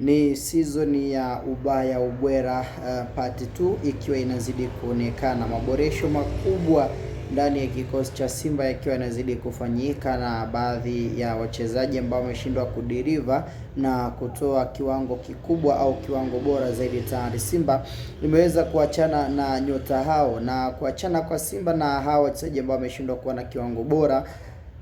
Ni season ya ubaya ubwera uh, part 2 ikiwa inazidi kuonekana, maboresho makubwa ndani ya kikosi cha Simba yakiwa yanazidi kufanyika na baadhi ya wachezaji ambao wameshindwa kudiriva na kutoa kiwango kikubwa au kiwango bora zaidi. Tayari Simba imeweza kuachana na nyota hao na kuachana kwa Simba na hao wachezaji ambao wameshindwa kuwa na kiwango bora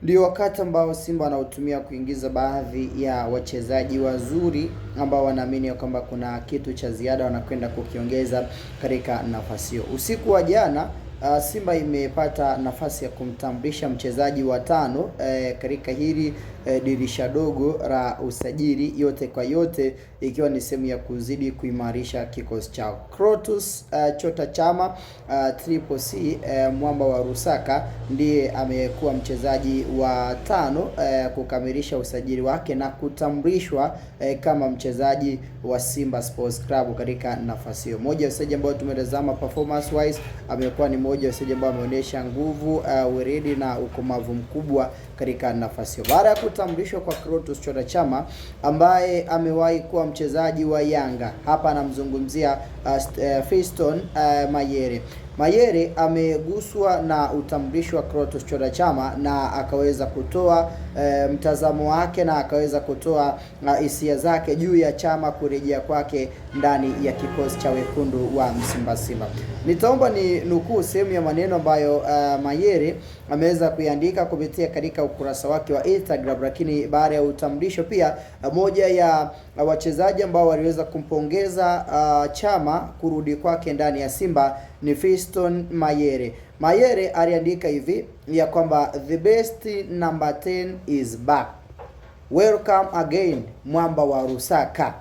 ndio wakati ambao Simba wanaotumia kuingiza baadhi ya wachezaji wazuri ambao wanaamini ya kwamba kuna kitu cha ziada wanakwenda kukiongeza katika nafasi hiyo. Usiku wa jana uh, Simba imepata nafasi ya kumtambulisha mchezaji wa tano eh, katika hili e, dirisha dogo la usajili, yote kwa yote ikiwa ni sehemu ya kuzidi kuimarisha kikosi chao. Crotus uh, eh, Chota Chama uh, Triple C uh, mwamba wa Rusaka ndiye amekuwa mchezaji wa tano uh, kukamilisha usajili wake na kutambulishwa uh, kama mchezaji wa Simba Sports Club katika nafasi hiyo. Moja ya wachezaji ambao tumetazama performance wise amekuwa ni moja ya wachezaji ambao ameonyesha nguvu, uh, weredi na ukomavu mkubwa katika nafasi hiyo baada ya kutambulishwa kwa Clatous Chota Chama ambaye amewahi kuwa mchezaji wa Yanga. Hapa anamzungumzia uh, uh, Fiston uh, Mayere. Mayere ameguswa na utambulisho wa Clatous Chota Chama na akaweza kutoa e, mtazamo wake na akaweza kutoa ah, hisia zake juu ya Chama kurejea kwake ndani ya kikosi cha wekundu wa Msimba Simba. Nitaomba ni nukuu sehemu ya maneno ambayo uh, Mayere ameweza kuiandika kupitia katika ukurasa wake wa Instagram, lakini baada ya utambulisho pia uh, moja ya uh, wachezaji ambao waliweza kumpongeza uh, Chama kurudi kwake ndani ya Simba ni Fiston Mayere. Mayere aliandika hivi ya kwamba the best number 10 is back. Welcome again Mwamba wa Rusaka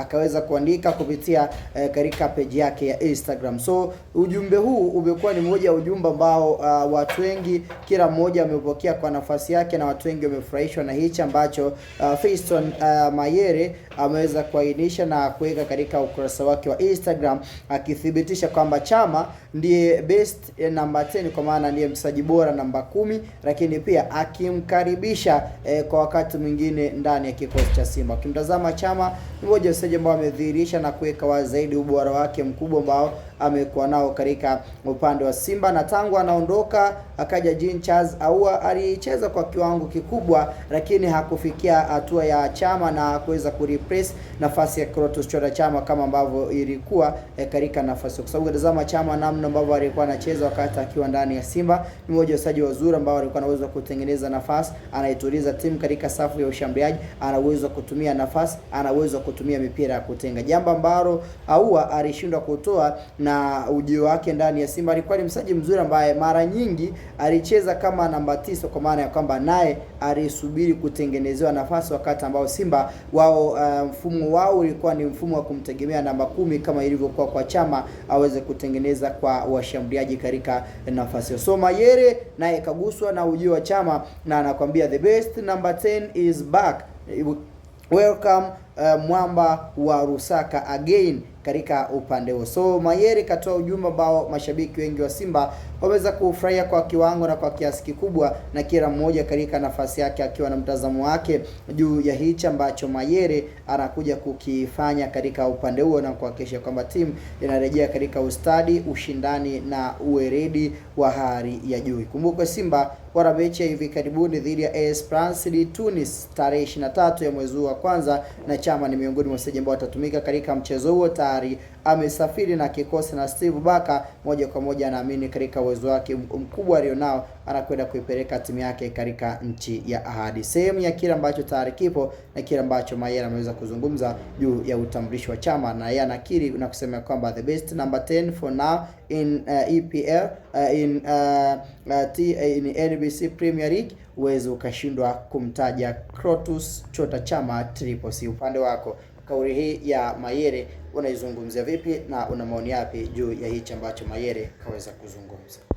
akaweza kuandika kupitia uh, katika page yake ya Instagram. So ujumbe huu umekuwa ni mmoja wa ujumbe ambao uh, watu wengi kila mmoja amepokea kwa nafasi yake, na watu wengi wamefurahishwa na hichi ambacho uh, Fiston uh, Mayere ameweza kuainisha na kuweka katika ukurasa wake wa Instagram akithibitisha kwamba Chama ndiye best eh, namba 10 kwa maana ndiye mchezaji bora namba kumi, lakini pia akimkaribisha eh, kwa wakati mwingine ndani ya kikosi cha Simba. Ukimtazama Chama mmoja wachezaji ambao amedhihirisha na kuweka wazi zaidi ubora wake mkubwa ambao amekuwa nao katika upande wa Simba, na tangu anaondoka akaja Jean Charles Ahoua alicheza kwa kiwango kikubwa, lakini hakufikia hatua ya Chama na kuweza kureplace nafasi ya Clatous Chota Chama kama ambavyo ilikuwa eh, katika nafasi, kwa sababu tazama Chama namna ambavyo alikuwa anacheza wakati akiwa ndani ya Simba ni mmoja wa wachezaji wazuri ambao alikuwa na uwezo wa kutengeneza nafasi, anaituliza timu katika safu ya ushambuliaji, ana uwezo wa kutumia nafasi, ana uwezo wa kutumia mipira ya kutenga, jambo ambalo Ahoua alishindwa kutoa na ujio wake ndani ya Simba alikuwa ni msaji mzuri ambaye mara nyingi alicheza kama namba tisa, kwa maana ya kwamba naye alisubiri kutengenezewa nafasi, wakati ambao Simba wao uh, mfumo wao ulikuwa ni mfumo wa kumtegemea namba kumi kama ilivyokuwa kwa Chama aweze kutengeneza kwa washambuliaji katika nafasi hiyo. So Mayere naye kaguswa na ujio wa Chama na anakwambia the best number 10 is back welcome, uh, mwamba wa Rusaka again katika upande huo. So Mayere katoa ujumbe ambao mashabiki wengi wa Simba wameweza kufurahia kwa kiwango na kwa kiasi kikubwa, na kila mmoja katika nafasi yake akiwa na mtazamo wake juu ya hichi ambacho Mayere anakuja kukifanya katika upande huo na kuhakikisha kwamba timu inarejea katika ustadi, ushindani na uweredi wa hali ya juu. Ikumbukwe Simba wana mechi ya hivi karibuni dhidi ya AS France de Tunis tarehe 23 ya mwezi huu wa kwanza, na Chama ni miongoni mwa wachezaji ambao watatumika katika mchezo huo. Tayari amesafiri na kikosi na Steve Baka moja kwa moja anaamini katika uwezo wake mkubwa alionao anakwenda kuipeleka timu yake katika nchi ya ahadi, sehemu ya kile ambacho tayari kipo na kile ambacho Mayer ameweza kuzungumza juu ya utambulisho wa chama, na yeye anakiri na kusema kwamba the best number 10 for now in uh, EPL uh, in uh, uh, T, uh, in NBC Premier League uweze ukashindwa kumtaja Crotus Chota Chama Triple C. Upande wako kauli hii ya mayere unaizungumzia vipi na una maoni yapi juu ya hichi ambacho mayere kaweza kuzungumza?